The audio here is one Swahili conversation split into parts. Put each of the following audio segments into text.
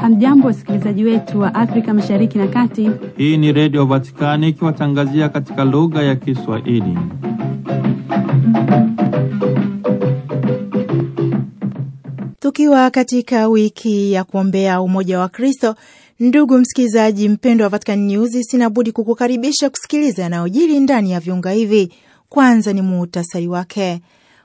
Hamjambo, wasikilizaji wetu wa Afrika Mashariki na Kati. Hii ni Redio Vatikani ikiwatangazia katika lugha ya Kiswahili. Tukiwa katika wiki ya kuombea umoja wa Kristo, ndugu msikilizaji mpendwa wa Vatican News, sinabudi kukukaribisha kusikiliza yanayojiri ndani ya viunga hivi. Kwanza ni muhtasari wake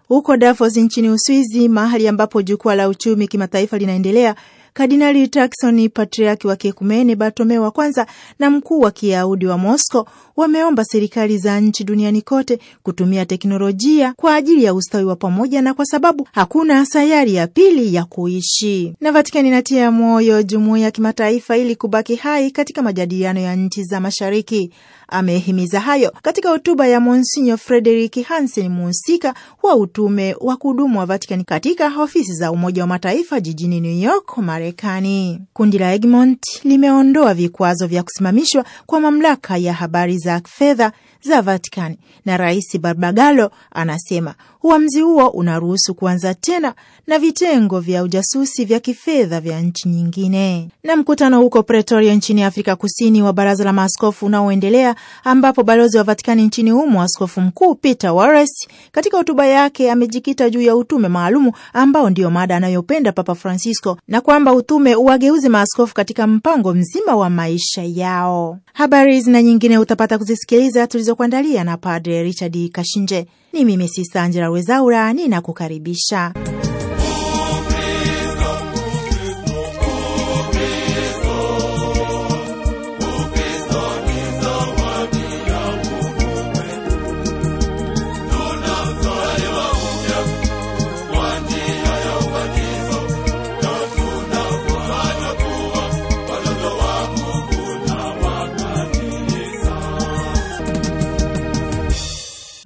huko Davos nchini Uswizi, mahali ambapo jukwaa la uchumi kimataifa linaendelea Kardinali Takson, patriarki wa kiekumene Bartomeo wa kwanza na mkuu wa kiyahudi wa Mosco wameomba serikali za nchi duniani kote kutumia teknolojia kwa ajili ya ustawi wa pamoja, na kwa sababu hakuna sayari ya pili ya kuishi. Na Vatikani inatia moyo jumuiya ya kimataifa ili kubaki hai katika majadiliano ya nchi za mashariki. Amehimiza hayo katika hotuba ya Monsinyo Frederik Hansen, muhusika wa utume wa kudumu wa Vatikani katika ofisi za Umoja wa Mataifa jijini New York, Marekani. Marekani. Kundi la Egmont limeondoa vikwazo vya kusimamishwa kwa mamlaka ya habari za fedha za Vatikani, na Rais Barbagallo anasema Uamuzi huo unaruhusu kuanza tena na vitengo vya ujasusi vya kifedha vya nchi nyingine. Na mkutano huko Pretoria nchini Afrika Kusini wa baraza la maaskofu unaoendelea, ambapo balozi wa Vatikani nchini humo askofu mkuu Peter Wares katika hotuba yake amejikita juu ya utume maalumu ambao ndiyo mada anayopenda Papa Francisco na kwamba utume uwageuzi maaskofu katika mpango mzima wa maisha yao. Habari hizi na nyingine utapata kuzisikiliza tulizokuandalia na Padre Richard Kashinje. Ni mimi Sista Angela Rwezaura ninakukaribisha.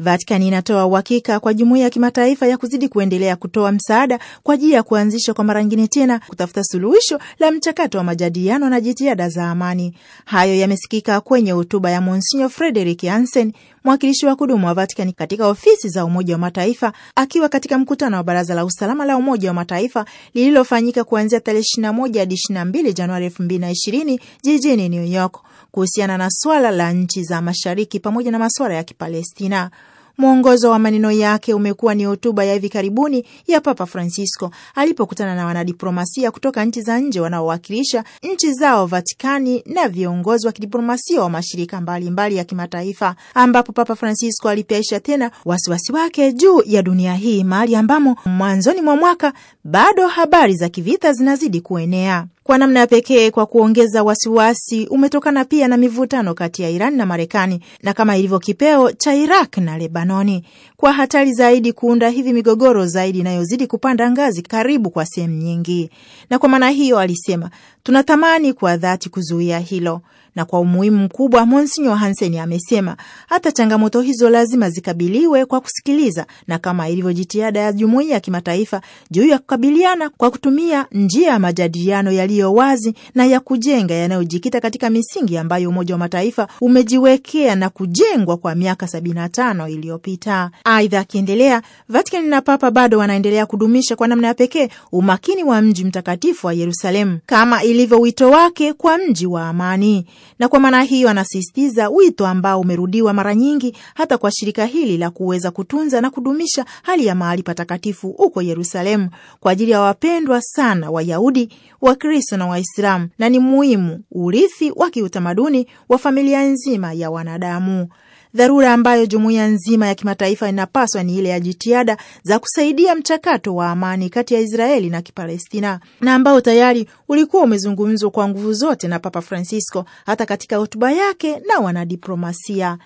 Vatican inatoa uhakika kwa jumuiya ya kimataifa ya kuzidi kuendelea kutoa msaada kwa ajili ya kuanzisha kwa mara nyingine tena kutafuta suluhisho la mchakato wa majadiliano na jitihada za amani. Hayo yamesikika kwenye hotuba ya Monsignor Frederick Hansen, mwakilishi wa kudumu wa Vatican katika ofisi za Umoja wa Mataifa, akiwa katika mkutano wa Baraza la Usalama la Umoja wa Mataifa lililofanyika kuanzia tarehe 21 hadi 22 Januari 2020 jijini New York kuhusiana na swala la nchi za Mashariki pamoja na masuala ya Kipalestina. Mwongozo wa maneno yake umekuwa ni hotuba ya hivi karibuni ya Papa Francisco alipokutana na wanadiplomasia kutoka nchi za nje wanaowakilisha nchi zao Vatikani na viongozi wa kidiplomasia wa mashirika mbalimbali mbali ya kimataifa, ambapo Papa Francisco alipiaisha tena wasiwasi wake juu ya dunia hii, mahali ambamo mwanzoni mwa mwaka bado habari za kivita zinazidi kuenea kwa namna ya pekee kwa kuongeza wasiwasi umetokana pia na mivutano kati ya Iran na Marekani na kama ilivyo kipeo cha Iraq na Lebanoni, kwa hatari zaidi kuunda hivi migogoro zaidi inayozidi kupanda ngazi karibu kwa sehemu nyingi. Na kwa maana hiyo, alisema tunatamani kwa dhati kuzuia hilo na kwa umuhimu mkubwa, Monsinyo Hansen amesema hata changamoto hizo lazima zikabiliwe kwa kusikiliza, na kama ilivyo jitihada ya jumuiya ya kimataifa juu ya kukabiliana kwa kutumia njia ya majadiliano yaliyo wazi na ya kujenga yanayojikita katika misingi ambayo Umoja wa Mataifa umejiwekea na kujengwa kwa miaka 75 iliyopita. Aidha, akiendelea, Vatican na Papa bado wanaendelea kudumisha kwa namna ya pekee umakini wa mji mtakatifu wa Yerusalemu kama ilivyo wito wake kwa mji wa amani na kwa maana hiyo anasisitiza wito ambao umerudiwa mara nyingi hata kwa shirika hili la kuweza kutunza na kudumisha hali ya mahali patakatifu huko Yerusalemu kwa ajili ya wapendwa sana Wayahudi, Wakristo na Waislamu, na ni muhimu urithi wa kiutamaduni wa familia nzima ya wanadamu. Dharura ambayo jumuiya nzima ya kimataifa inapaswa ni ile ya jitihada za kusaidia mchakato wa amani kati ya Israeli na Kipalestina, na ambao tayari ulikuwa umezungumzwa kwa nguvu zote na Papa Francisco hata katika hotuba yake na wanadiplomasia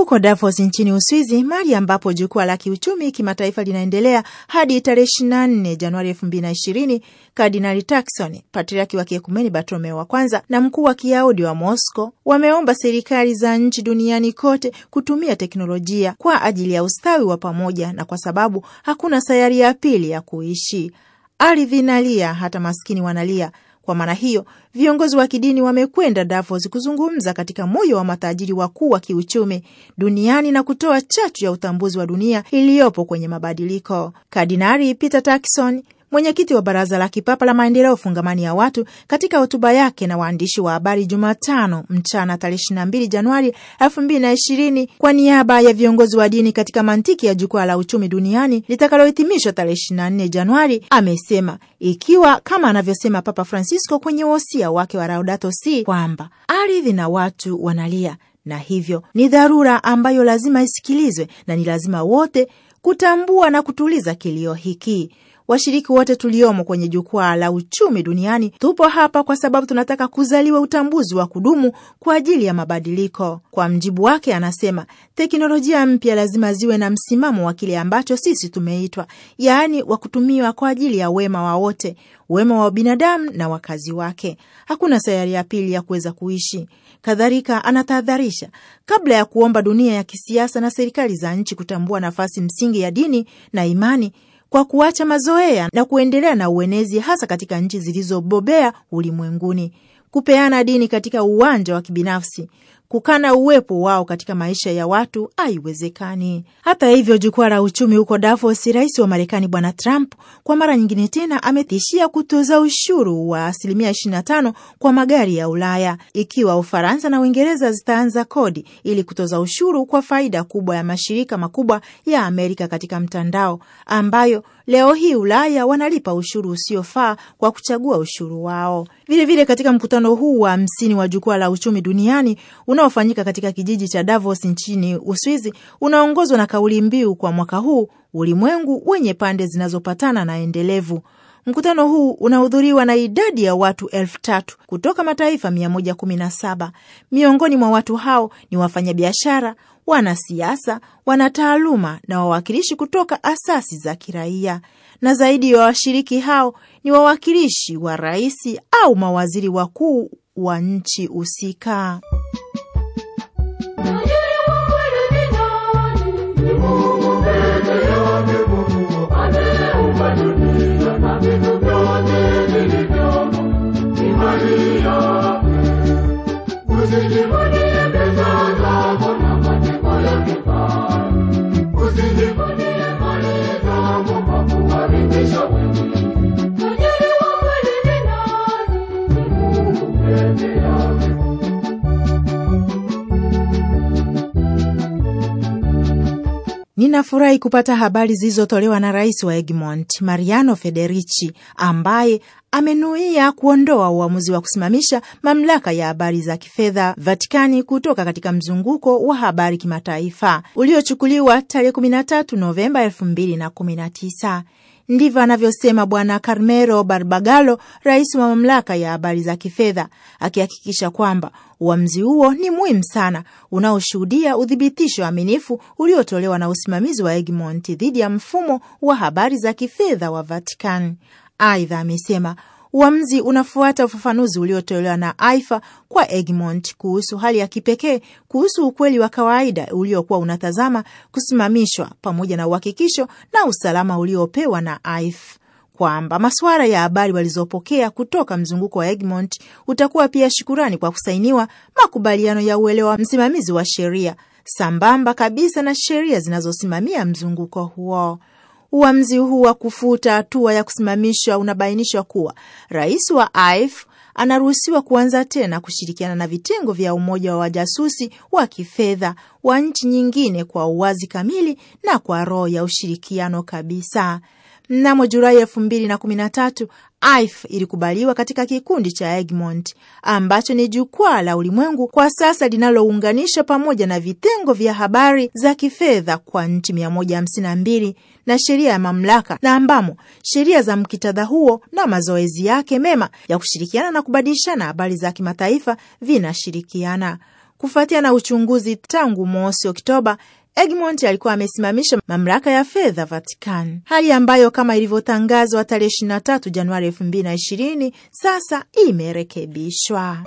huko Davos nchini Uswizi, mali ambapo jukwaa la kiuchumi kimataifa linaendelea hadi tarehe 24 Januari 2020. Kardinali Takson, patriaki wa kiekumeni Bartolomeo wa kwanza na mkuu wa kiaudi wa Mosco wameomba serikali za nchi duniani kote kutumia teknolojia kwa ajili ya ustawi wa pamoja, na kwa sababu hakuna sayari ya pili ya kuishi. Ardhi inalia, hata maskini wanalia, kwa maana hiyo viongozi wa kidini wamekwenda Davos kuzungumza katika moyo wa matajiri wakuu wa kiuchumi duniani na kutoa chachu ya utambuzi wa dunia iliyopo kwenye mabadiliko. Kardinali Peter Turkson Mwenyekiti wa Baraza la Kipapa la Maendeleo Fungamani ya Watu, katika hotuba yake na waandishi wa habari Jumatano mchana tarehe 22 Januari 2020 kwa niaba ya viongozi wa dini katika mantiki ya jukwaa la uchumi duniani litakalohitimishwa tarehe 24 Januari, amesema ikiwa kama anavyosema Papa Francisco kwenye wosia wake wa Laudato Si kwamba ardhi na watu wanalia na hivyo ni dharura ambayo lazima isikilizwe na ni lazima wote kutambua na kutuliza kilio hiki washiriki wote tuliomo kwenye jukwaa la uchumi duniani, tupo hapa kwa sababu tunataka kuzaliwa utambuzi wa kudumu kwa ajili ya mabadiliko. Kwa mjibu wake, anasema teknolojia mpya lazima ziwe na msimamo wa kile ambacho sisi tumeitwa, yaani wa kutumiwa kwa ajili ya wema wa wote, wema wa binadamu na wakazi wake. Hakuna sayari ya pili ya kuweza kuishi. Kadhalika anatahadharisha, kabla ya kuomba dunia ya kisiasa na serikali za nchi kutambua nafasi msingi ya dini na imani kwa kuacha mazoea na kuendelea na uenezi hasa katika nchi zilizobobea ulimwenguni, kupeana dini katika uwanja wa kibinafsi, kukana uwepo wao katika maisha ya watu haiwezekani. Hata hivyo, jukwaa la uchumi huko Davos, rais wa Marekani Bwana Trump kwa mara nyingine tena ametishia kutoza ushuru wa asilimia 25 kwa magari ya Ulaya ikiwa Ufaransa na Uingereza zitaanza kodi ili kutoza ushuru kwa faida kubwa ya mashirika makubwa ya Amerika katika mtandao ambayo Leo hii Ulaya wanalipa ushuru usiofaa kwa kuchagua ushuru wao. Vilevile vile katika mkutano huu wa hamsini wa jukwaa la uchumi duniani unaofanyika katika kijiji cha Davos nchini Uswizi, unaongozwa na kauli mbiu kwa mwaka huu, ulimwengu wenye pande zinazopatana na endelevu. Mkutano huu unahudhuriwa na idadi ya watu elfu tatu kutoka mataifa 117. Miongoni mwa watu hao ni wafanyabiashara, wanasiasa, wanataaluma na wawakilishi kutoka asasi za kiraia, na zaidi ya washiriki hao ni wawakilishi wa rais au mawaziri wakuu wa nchi husika. Ninafurahi kupata habari zilizotolewa na rais wa Egmont Mariano Federici ambaye amenuia kuondoa uamuzi wa kusimamisha mamlaka ya habari za kifedha Vatikani kutoka katika mzunguko wa habari kimataifa uliochukuliwa tarehe 13 Novemba 2019. Ndivyo anavyosema Bwana Carmelo Barbagalo, rais wa mamlaka ya habari za kifedha, akihakikisha kwamba uamuzi huo ni muhimu sana, unaoshuhudia udhibitisho aminifu uliotolewa na usimamizi wa Egmont dhidi ya mfumo wa habari za kifedha wa vatican Aidha amesema Uamuzi unafuata ufafanuzi uliotolewa na Aifa kwa Egmont kuhusu hali ya kipekee, kuhusu ukweli wa kawaida uliokuwa unatazama kusimamishwa, pamoja na uhakikisho na usalama uliopewa na Aif kwamba masuala ya habari walizopokea kutoka mzunguko wa Egmont utakuwa pia shukurani kwa kusainiwa makubaliano ya uelewa msimamizi wa sheria sambamba kabisa na sheria zinazosimamia mzunguko huo. Uamuzi huu wa kufuta hatua ya kusimamishwa unabainisha kuwa rais wa AIF anaruhusiwa kuanza tena kushirikiana na vitengo vya umoja wa wajasusi wa kifedha wa nchi nyingine kwa uwazi kamili na kwa roho ya ushirikiano kabisa. Mnamo Julai elfu mbili na kumi na tatu AIF ilikubaliwa katika kikundi cha Egmont ambacho ni jukwaa la ulimwengu kwa sasa linalounganisha pamoja na vitengo vya habari za kifedha kwa nchi 152 na sheria ya mamlaka, na ambamo sheria za mkitadha huo na mazoezi yake mema ya kushirikiana na kubadilishana habari za kimataifa vinashirikiana. Kufuatia na uchunguzi tangu mosi Oktoba Egmont alikuwa amesimamisha mamlaka ya fedha Vatican, hali ambayo kama ilivyotangazwa tarehe 23 Januari 2020 sasa imerekebishwa.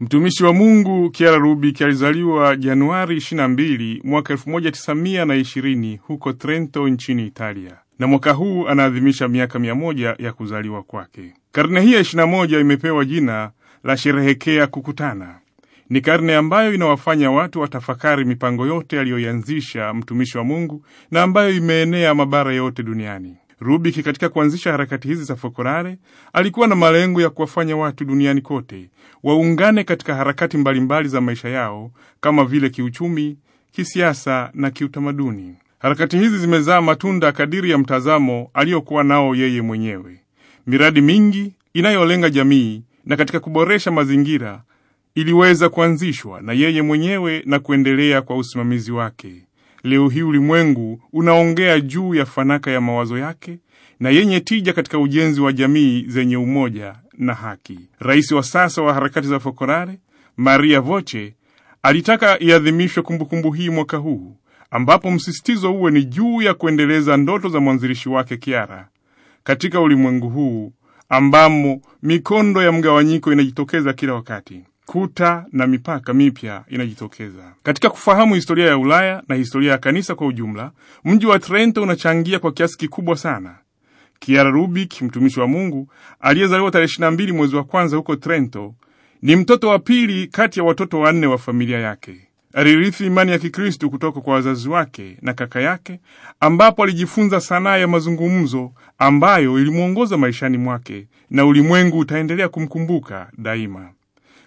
Mtumishi wa Mungu Kiara Rubik alizaliwa Januari 22 mwaka 1920 huko Trento nchini Italia, na mwaka huu anaadhimisha miaka 100 ya kuzaliwa kwake. Karne hii ya 21 imepewa jina lasherehekea kukutana. Ni karne ambayo inawafanya watu watafakari mipango yote aliyoianzisha mtumishi wa Mungu na ambayo imeenea mabara yote duniani. Rubik katika kuanzisha harakati hizi za fokorare alikuwa na malengo ya kuwafanya watu duniani kote waungane katika harakati mbalimbali za maisha yao kama vile kiuchumi, kisiasa na kiutamaduni. Harakati hizi zimezaa matunda kadiri ya mtazamo aliyokuwa nao yeye mwenyewe. Miradi mingi inayolenga jamii na katika kuboresha mazingira iliweza kuanzishwa na yeye mwenyewe na kuendelea kwa usimamizi wake. Leo hii ulimwengu unaongea juu ya fanaka ya mawazo yake na yenye tija katika ujenzi wa jamii zenye umoja na haki. Rais wa sasa wa harakati za fokorare Maria Voce, alitaka iadhimishwe kumbukumbu hii mwaka huu, ambapo msisitizo uwe ni juu ya kuendeleza ndoto za mwanzilishi wake Kiara katika ulimwengu huu ambamo mikondo ya mgawanyiko inajitokeza kila wakati kuta na mipaka mipya inajitokeza. Katika kufahamu historia ya Ulaya na historia ya kanisa kwa ujumla, mji wa Trento unachangia kwa kiasi kikubwa sana. Kiara Rubik, mtumishi wa Mungu aliyezaliwa tarehe 22 mwezi wa kwanza huko Trento, ni mtoto wa pili kati ya watoto wanne wa familia yake. Alirithi imani ya Kikristo kutoka kwa wazazi wake na kaka yake, ambapo alijifunza sanaa ya mazungumzo ambayo ilimwongoza maishani mwake na ulimwengu utaendelea kumkumbuka daima.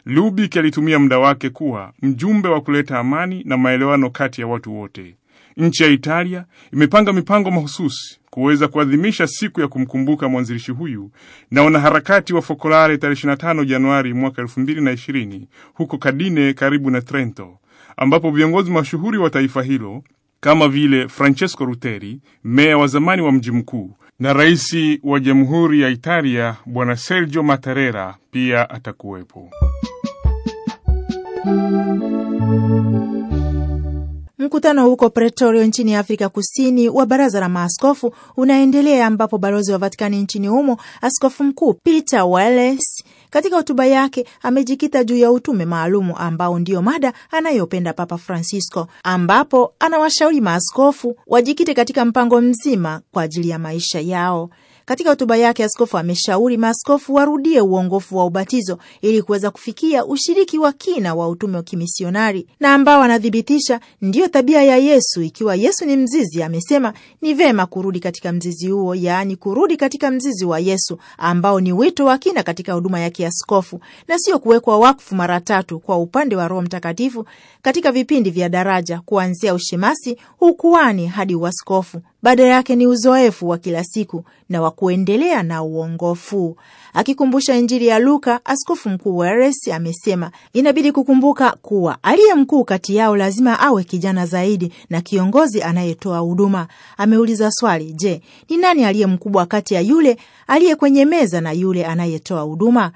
Lubik alitumia muda wake kuwa mjumbe wa kuleta amani na maelewano kati ya watu wote. Nchi ya Italia imepanga mipango mahususi kuweza kuadhimisha siku ya kumkumbuka mwanzilishi huyu na wanaharakati wa Fokolare tarehe 25 Januari mwaka 2020 huko Kadine karibu na Trento ambapo viongozi mashuhuri wa taifa hilo kama vile Francesco ruteri meya wa zamani wa mji mkuu, na rais wa jamhuri ya Italia bwana Sergio Mattarella pia atakuwepo. Mkutano huko pretorio nchini Afrika Kusini wa baraza la maaskofu unaendelea ambapo balozi wa Vatikani nchini humo askofu mkuu Peter Wales katika hotuba yake amejikita juu ya utume maalumu ambao ndiyo mada anayopenda Papa Francisco, ambapo anawashauri maaskofu wajikite katika mpango mzima kwa ajili ya maisha yao. Katika hotuba yake, askofu ameshauri maaskofu warudie uongofu wa ubatizo ili kuweza kufikia ushiriki wa kina wa utume wa kimisionari na ambao anathibitisha ndiyo tabia ya Yesu. Ikiwa Yesu ni mzizi, amesema ni vema kurudi katika mzizi huo, yaani kurudi katika mzizi wa Yesu ambao ni wito wa kina katika huduma ya kiaskofu na sio kuwekwa wakfu mara tatu kwa upande wa Roho Mtakatifu katika vipindi vya daraja kuanzia ushemasi, hukuani hadi uaskofu badala yake ni uzoefu wa kila siku na wa kuendelea na uongofu. Akikumbusha Injili ya Luka, askofu mkuu Weres amesema inabidi kukumbuka kuwa aliye mkuu kati yao lazima awe kijana zaidi na kiongozi anayetoa huduma. Ameuliza swali, je, ni nani aliye mkubwa kati ya yule aliye kwenye meza na yule anayetoa huduma?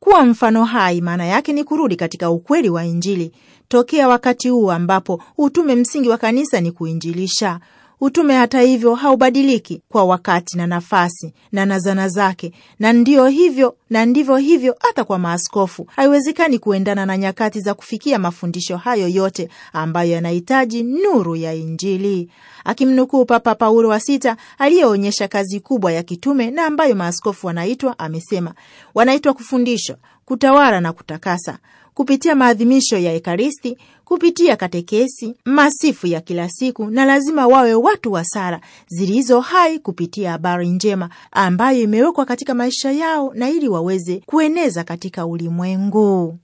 Kuwa mfano hai maana yake ni kurudi katika ukweli wa Injili tokea wakati huu ambapo utume msingi wa kanisa ni kuinjilisha. Utume hata hivyo haubadiliki kwa wakati na nafasi na na zana zake, na ndiyo hivyo na ndivyo hivyo hata kwa maaskofu. Haiwezekani kuendana na nyakati za kufikia mafundisho hayo yote ambayo yanahitaji nuru ya Injili. Akimnukuu Papa Paulo wa Sita aliyeonyesha kazi kubwa ya kitume na ambayo maaskofu wanaitwa, amesema wanaitwa kufundisha, kutawala na kutakasa kupitia maadhimisho ya Ekaristi, kupitia katekesi, masifu ya kila siku, na lazima wawe watu wa sala zilizo hai kupitia habari njema ambayo imewekwa katika maisha yao na ili waweze kueneza katika ulimwengu.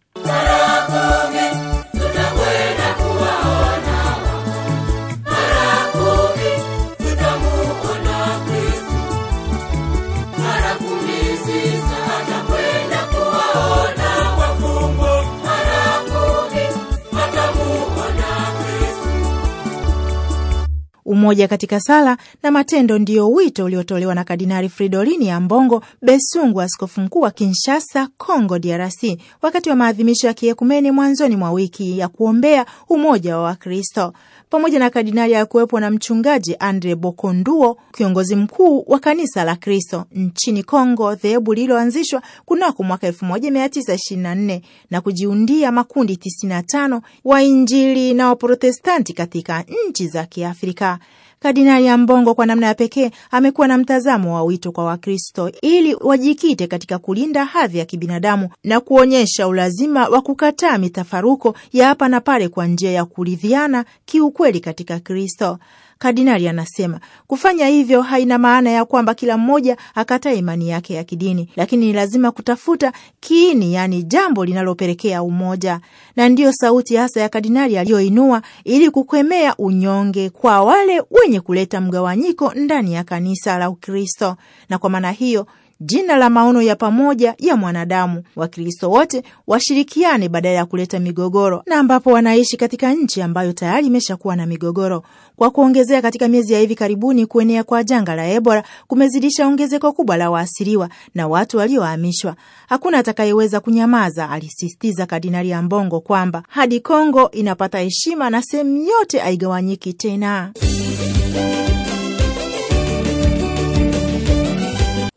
Umoja katika sala na matendo ndio wito uliotolewa na Kardinali Fridolini Ambongo Besungu, askofu mkuu wa Kinshasa, Congo DRC, wakati wa maadhimisho ya kiekumeni mwanzoni mwa wiki ya kuombea umoja wa Wakristo. Pamoja na kardinali alikuwepo na mchungaji Andre Bokonduo, kiongozi mkuu wa kanisa la Kristo nchini Congo, dhehebu lililoanzishwa kunako mwaka 1924 na kujiundia makundi 95 wa Injili na Waprotestanti katika nchi za Kiafrika. Kardinali Ambongo kwa namna ya pekee amekuwa na mtazamo wa wito kwa Wakristo ili wajikite katika kulinda hadhi ya kibinadamu na kuonyesha ulazima wa kukataa mitafaruko ya hapa na pale kwa njia ya kuridhiana kiukweli katika Kristo. Kardinali anasema kufanya hivyo haina maana ya kwamba kila mmoja akatae imani yake ya kidini, lakini ni lazima kutafuta kiini, yaani jambo linalopelekea umoja, na ndiyo sauti hasa ya kardinali aliyoinua ili kukemea unyonge kwa wale wenye kuleta mgawanyiko ndani ya kanisa la Ukristo, na kwa maana hiyo jina la maono ya pamoja ya mwanadamu. Wakristo wote washirikiane badala ya kuleta migogoro, na ambapo wanaishi katika nchi ambayo tayari imeshakuwa na migogoro. Kwa kuongezea, katika miezi ya hivi karibuni, kuenea kwa janga la Ebola kumezidisha ongezeko kubwa la waasiriwa na watu waliohamishwa. Hakuna atakayeweza kunyamaza, alisisitiza Kardinali Ambongo kwamba hadi Kongo inapata heshima na sehemu yote haigawanyiki tena.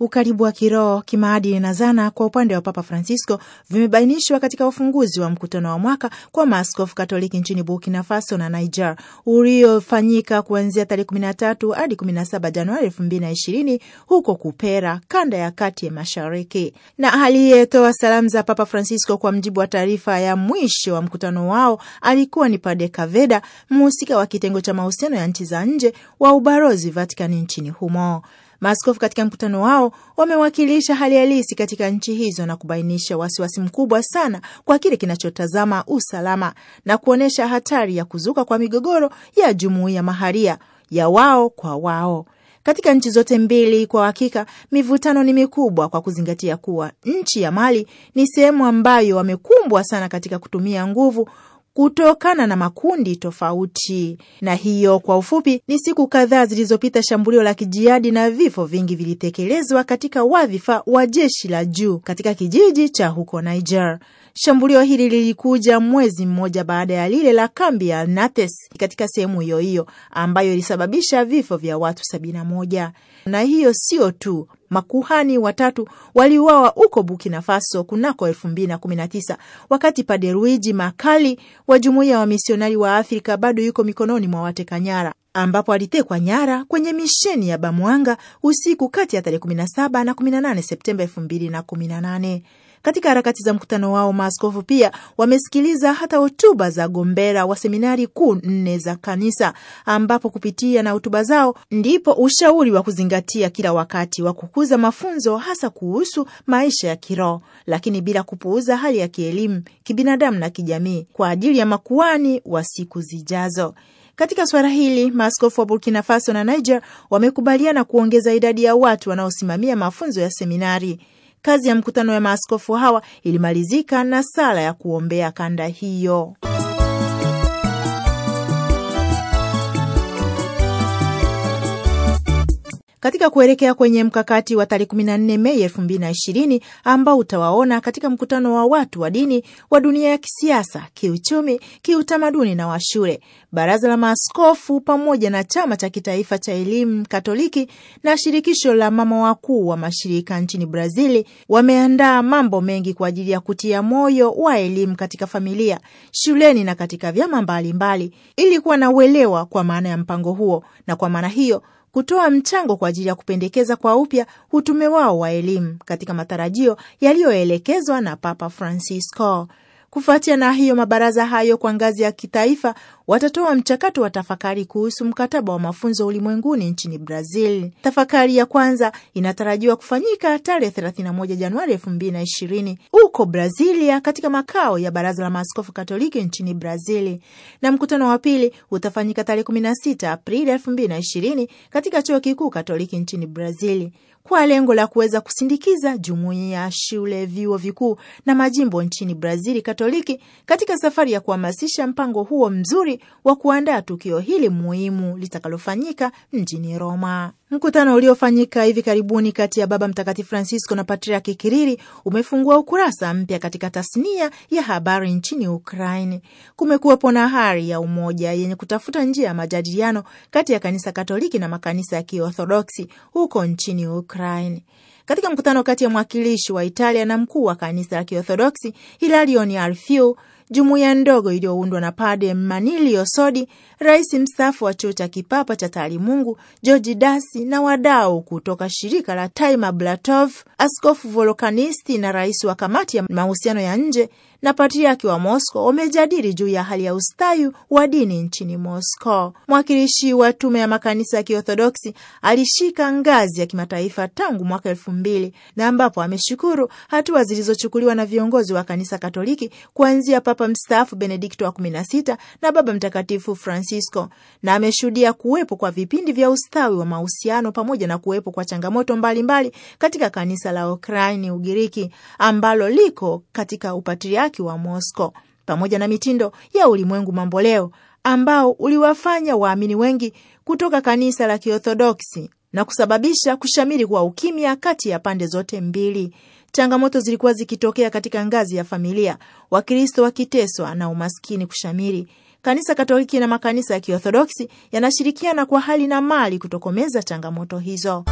ukaribu wa kiroho, kimaadili na zana kwa upande wa Papa Francisco vimebainishwa katika ufunguzi wa mkutano wa mwaka kwa maaskofu Katoliki nchini Burkina Faso na Niger uliofanyika kuanzia tarehe 13 hadi 17 Januari 2020 huko Kupera, kanda ya kati ya mashariki. Na aliyetoa salamu za Papa Francisco kwa mjibu wa taarifa ya mwisho wa mkutano wao alikuwa ni Padre Kaveda, mhusika wa kitengo cha mahusiano ya nchi za nje wa ubalozi Vatikani nchini humo. Maaskofu katika mkutano wao wamewakilisha hali halisi katika nchi hizo na kubainisha wasiwasi mkubwa sana kwa kile kinachotazama usalama na kuonyesha hatari ya kuzuka kwa migogoro ya jumuiya maharia ya wao kwa wao katika nchi zote mbili. Kwa hakika mivutano ni mikubwa, kwa kuzingatia kuwa nchi ya Mali ni sehemu ambayo wamekumbwa sana katika kutumia nguvu kutokana na makundi tofauti. Na hiyo kwa ufupi ni siku kadhaa zilizopita, shambulio la kijihadi na vifo vingi vilitekelezwa katika wadhifa wa jeshi la juu katika kijiji cha huko Niger. Shambulio hili lilikuja mwezi mmoja baada ya lile la kambi ya nates katika sehemu hiyo hiyo ambayo ilisababisha vifo vya watu sabini na moja. Na hiyo sio tu makuhani watatu waliuawa huko Burkina Faso kunako elfu mbili na kumi na tisa wakati Padre Luigi Makali wa Jumuiya wa Misionari wa Afrika bado yuko mikononi mwa watekanyara ambapo alitekwa nyara kwenye misheni ya Bamwanga usiku kati ya tarehe 17 na 18 Septemba 2018. Katika harakati za mkutano wao, maaskofu pia wamesikiliza hata hotuba za gombera wa seminari kuu nne za kanisa, ambapo kupitia na hotuba zao ndipo ushauri wa kuzingatia kila wakati wa kukuza mafunzo hasa kuhusu maisha ya kiroho, lakini bila kupuuza hali ya kielimu, kibinadamu na kijamii kwa ajili ya makuani wa siku zijazo. Katika suala hili maaskofu wa Burkina Faso na Niger wamekubaliana kuongeza idadi ya watu wanaosimamia mafunzo ya seminari. Kazi ya mkutano ya maaskofu hawa ilimalizika na sala ya kuombea kanda hiyo. katika kuelekea kwenye mkakati wa tarehe 14 Mei 2020 ambao utawaona katika mkutano wa watu wa dini wa dunia ya kisiasa, kiuchumi, kiutamaduni na wa shule, baraza la maaskofu pamoja na chama cha kitaifa cha elimu Katoliki na shirikisho la mama wakuu wa mashirika nchini Brazili wameandaa mambo mengi kwa ajili ya kutia moyo wa elimu katika familia, shuleni na katika vyama mbalimbali ili kuwa na uelewa kwa maana ya mpango huo, na kwa maana hiyo kutoa mchango kwa ajili ya kupendekeza kwa upya utume wao wa elimu katika matarajio yaliyoelekezwa na Papa Francisco. Kufuatia na hiyo, mabaraza hayo kwa ngazi ya kitaifa watatoa mchakato wa tafakari kuhusu mkataba wa mafunzo ulimwenguni nchini Brazil. Tafakari ya kwanza inatarajiwa kufanyika tarehe 31 Januari 2020 huko Brazilia, katika makao ya baraza la maaskofu Katoliki nchini Brazili, na mkutano wa pili utafanyika tarehe 16 Aprili 2020 katika chuo kikuu Katoliki nchini Brazili kwa lengo la kuweza kusindikiza jumuiya, shule, vyuo vikuu na majimbo nchini Brazili Katoliki katika safari ya kuhamasisha mpango huo mzuri wa kuandaa tukio hili muhimu litakalofanyika mjini Roma. Mkutano uliofanyika hivi karibuni kati ya Baba Mtakatifu Francisco na Patriaki Kirili umefungua ukurasa mpya katika tasnia ya habari nchini Ukraini. Kumekuwepo na hali ya umoja yenye kutafuta njia ya majadiliano kati ya kanisa Katoliki na makanisa ya Kiorthodoksi huko nchini ukraine Katika mkutano kati ya mwakilishi wa Italia na mkuu wa kanisa la Kiorthodoksi Hilarion Arfiu jumuiya ndogo iliyoundwa na pade Manili Osodi, rais mstaafu wa chuo cha kipapa cha taalimungu George Dasi, na wadau kutoka shirika la Taima Blatov, askofu volokanisti na rais wa kamati ya mahusiano ya nje na patriaki wa Moscow wamejadili juu ya hali ya ustawi wa dini nchini Moscow. Mwakilishi wa tume ya makanisa ya Kiorthodoksi alishika ngazi ya kimataifa tangu mwaka elfu mbili na ambapo ameshukuru hatua zilizochukuliwa na viongozi wa kanisa Katoliki kuanzia Papa mstaafu Benedikto wa 16 na Baba Mtakatifu Francisco, na ameshuhudia kuwepo kwa vipindi vya ustawi wa mahusiano pamoja na kuwepo kwa changamoto mbalimbali mbali katika kanisa la Ukraini Ugiriki ambalo liko katika upatria wenzake wa Moscow pamoja na mitindo ya ulimwengu mamboleo ambao uliwafanya waamini wengi kutoka kanisa la Kiorthodoksi na kusababisha kushamiri kwa ukimya kati ya pande zote mbili. Changamoto zilikuwa zikitokea katika ngazi ya familia, Wakristo wakiteswa na umaskini kushamiri. Kanisa Katoliki na makanisa ya Kiorthodoksi yanashirikiana kwa hali na mali kutokomeza changamoto hizo.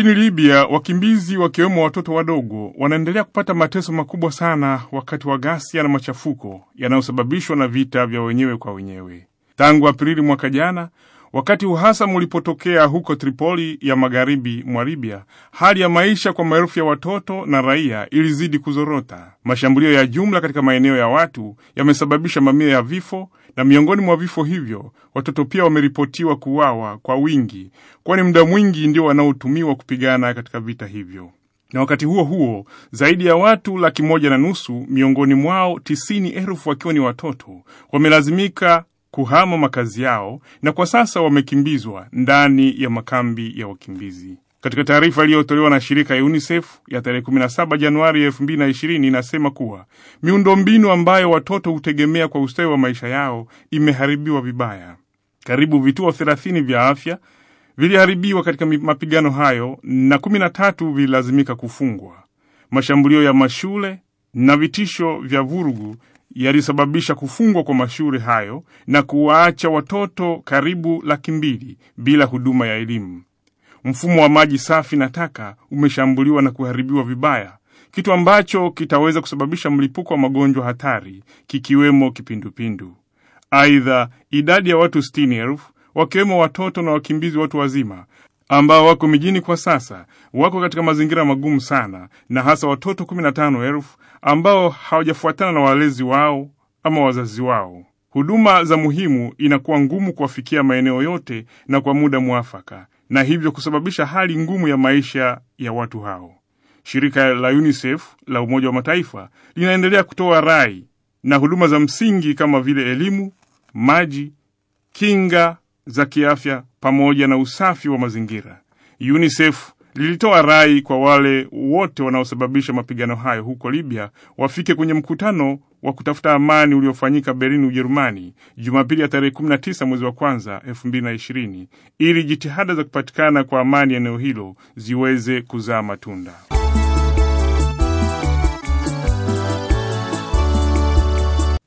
Nchini Libya wakimbizi wakiwemo watoto wadogo wanaendelea kupata mateso makubwa sana wakati wa ghasia na machafuko yanayosababishwa na vita vya wenyewe kwa wenyewe. Tangu Aprili mwaka jana Wakati uhasama ulipotokea huko Tripoli ya magharibi mwa Libya, hali ya maisha kwa maelfu ya watoto na raia ilizidi kuzorota. Mashambulio ya jumla katika maeneo ya watu yamesababisha mamia ya vifo, na miongoni mwa vifo hivyo watoto pia wameripotiwa kuuawa kwa wingi, kwani muda mwingi ndio wanaotumiwa kupigana katika vita hivyo na wakati huo huo zaidi ya watu laki moja na nusu, miongoni mwao tisini elfu wakiwa ni watoto, wamelazimika kuhama makazi yao na kwa sasa wamekimbizwa ndani ya makambi ya wakimbizi. Katika taarifa iliyotolewa na shirika ya UNICEF ya tarehe 17 Januari 2020 inasema kuwa miundombinu ambayo watoto hutegemea kwa ustawi wa maisha yao imeharibiwa vibaya. Karibu vituo 30 vya afya viliharibiwa katika mapigano hayo na 13 vililazimika kufungwa. Mashambulio ya mashule na vitisho vya vurugu yalisababisha kufungwa kwa mashule hayo na kuwaacha watoto karibu laki mbili bila huduma ya elimu. Mfumo wa maji safi na taka umeshambuliwa na kuharibiwa vibaya, kitu ambacho kitaweza kusababisha mlipuko wa magonjwa hatari kikiwemo kipindupindu. Aidha, idadi ya watu sitini elfu wakiwemo watoto na wakimbizi watu wazima ambao wako mijini kwa sasa wako katika mazingira magumu sana, na hasa watoto 15,000 ambao hawajafuatana na walezi wao ama wazazi wao. Huduma za muhimu inakuwa ngumu kuwafikia maeneo yote na kwa muda mwafaka, na hivyo kusababisha hali ngumu ya maisha ya watu hao. Shirika la UNICEF la Umoja wa Mataifa linaendelea kutoa rai na huduma za msingi kama vile elimu, maji, kinga za kiafya pamoja na usafi wa mazingira. UNICEF lilitoa rai kwa wale wote wanaosababisha mapigano hayo huko Libya wafike kwenye mkutano wa kutafuta amani uliofanyika Berlin, Ujerumani, Jumapili ya tarehe 19 mwezi wa kwanza 2020 ili jitihada za kupatikana kwa amani eneo hilo ziweze kuzaa matunda.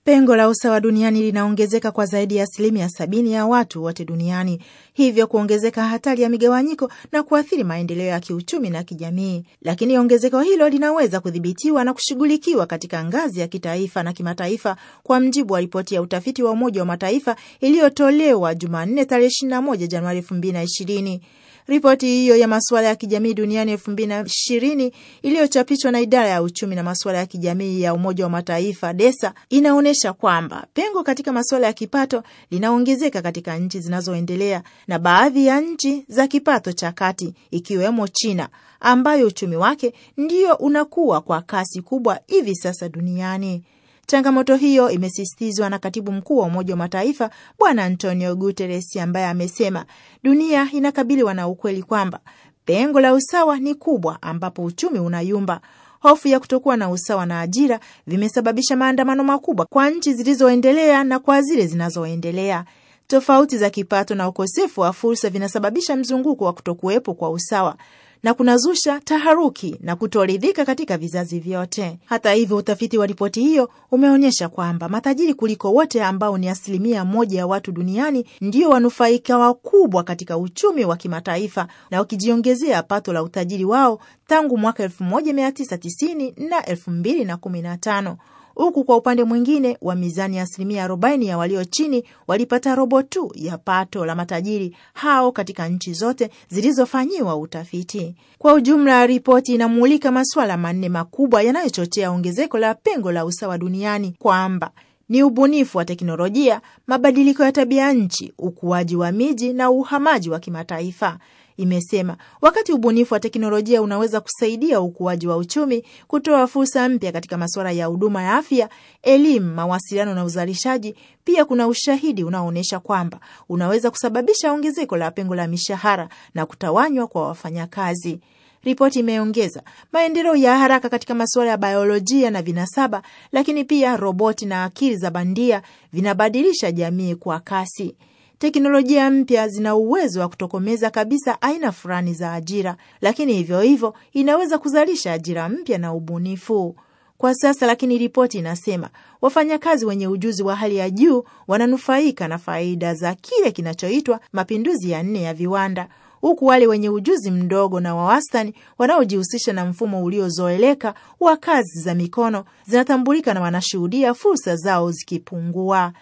Pengo la usawa duniani linaongezeka kwa zaidi ya asilimia sabini ya watu wote duniani, hivyo kuongezeka hatari ya migawanyiko na kuathiri maendeleo ya kiuchumi na kijamii. Lakini ongezeko hilo linaweza kudhibitiwa na kushughulikiwa katika ngazi ya kitaifa na kimataifa, kwa mjibu wa ripoti ya utafiti wa Umoja wa Mataifa iliyotolewa Jumanne tarehe 21 Januari 2020. Ripoti hiyo ya masuala ya kijamii duniani elfu mbili na ishirini iliyochapishwa na idara ya uchumi na masuala ya kijamii ya Umoja wa Mataifa DESA inaonyesha kwamba pengo katika masuala ya kipato linaongezeka katika nchi zinazoendelea na baadhi ya nchi za kipato cha kati ikiwemo China ambayo uchumi wake ndio unakuwa kwa kasi kubwa hivi sasa duniani. Changamoto hiyo imesisitizwa na katibu mkuu wa Umoja wa Mataifa Bwana Antonio Guterres, ambaye amesema dunia inakabiliwa na ukweli kwamba pengo la usawa ni kubwa, ambapo uchumi unayumba. Hofu ya kutokuwa na usawa na ajira vimesababisha maandamano makubwa kwa nchi zilizoendelea na kwa zile zinazoendelea. Tofauti za kipato na ukosefu wa fursa vinasababisha mzunguko wa kutokuwepo kwa usawa na kunazusha taharuki na kutoridhika katika vizazi vyote. Hata hivyo, utafiti wa ripoti hiyo umeonyesha kwamba matajiri kuliko wote ambao ni asilimia moja ya watu duniani ndio wanufaika wakubwa katika uchumi wa kimataifa na wakijiongezea pato la utajiri wao tangu mwaka 1990 na 2015. Huku kwa upande mwingine wa mizani ya asilimia arobaini ya walio chini walipata robo tu ya pato la matajiri hao katika nchi zote zilizofanyiwa utafiti. Kwa ujumla, ripoti inamulika masuala manne makubwa yanayochochea ongezeko la pengo la usawa duniani kwamba ni ubunifu wa teknolojia, mabadiliko ya tabia nchi, ukuaji wa miji na uhamaji wa kimataifa. Imesema wakati ubunifu wa teknolojia unaweza kusaidia ukuaji wa uchumi, kutoa fursa mpya katika masuala ya huduma ya afya, elimu, mawasiliano na uzalishaji, pia kuna ushahidi unaoonyesha kwamba unaweza kusababisha ongezeko la pengo la mishahara na kutawanywa kwa wafanyakazi. Ripoti imeongeza maendeleo ya haraka katika masuala ya biolojia na vinasaba, lakini pia roboti na akili za bandia vinabadilisha jamii kwa kasi. Teknolojia mpya zina uwezo wa kutokomeza kabisa aina fulani za ajira, lakini hivyo hivyo inaweza kuzalisha ajira mpya na ubunifu kwa sasa. Lakini ripoti inasema wafanyakazi wenye ujuzi wa hali ya juu wananufaika na faida za kile kinachoitwa mapinduzi ya nne ya viwanda, huku wale wenye ujuzi mdogo na wa wastani wanaojihusisha na mfumo uliozoeleka wa kazi za mikono zinatambulika na wanashuhudia fursa zao zikipungua.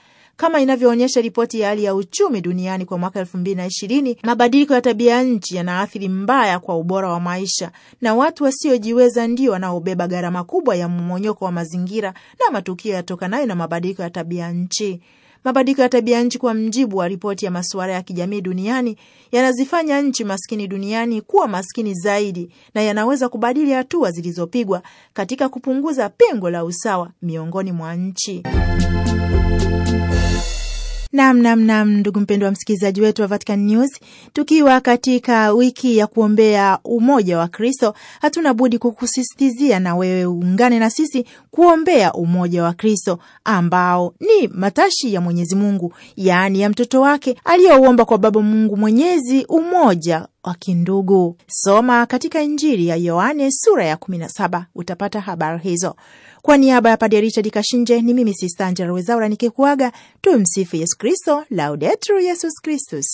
Kama inavyoonyesha ripoti ya hali ya uchumi duniani kwa mwaka elfu mbili na ishirini, mabadiliko ya tabia nchi yanaathiri mbaya kwa ubora wa maisha, na watu wasiojiweza ndio wanaobeba gharama kubwa ya mmonyoko wa mazingira na matukio yatokanayo na mabadiliko ya tabia nchi. Mabadiliko ya tabia nchi, kwa mjibu wa ripoti ya masuala ya kijamii duniani, yanazifanya nchi maskini duniani kuwa maskini zaidi na yanaweza kubadili hatua zilizopigwa katika kupunguza pengo la usawa miongoni mwa nchi. Namnamnam, ndugu mpendwa wa msikilizaji wetu wa Vatican News, tukiwa katika wiki ya kuombea umoja wa Kristo, hatuna budi kukusisitizia na wewe uungane na sisi kuombea umoja wa Kristo ambao ni matashi ya Mwenyezi Mungu, yaani ya mtoto wake aliyouomba kwa Baba Mungu Mwenyezi, umoja wa kindugu. Soma katika Injili ya Yohane sura ya 17 utapata habari hizo. Kwa niaba ya Padre Richard Kashinje, ni mimi Sista Angela Wezaura nikikuaga. Tumsifu Yesu Kristo, Laudetur Yesus Kristus.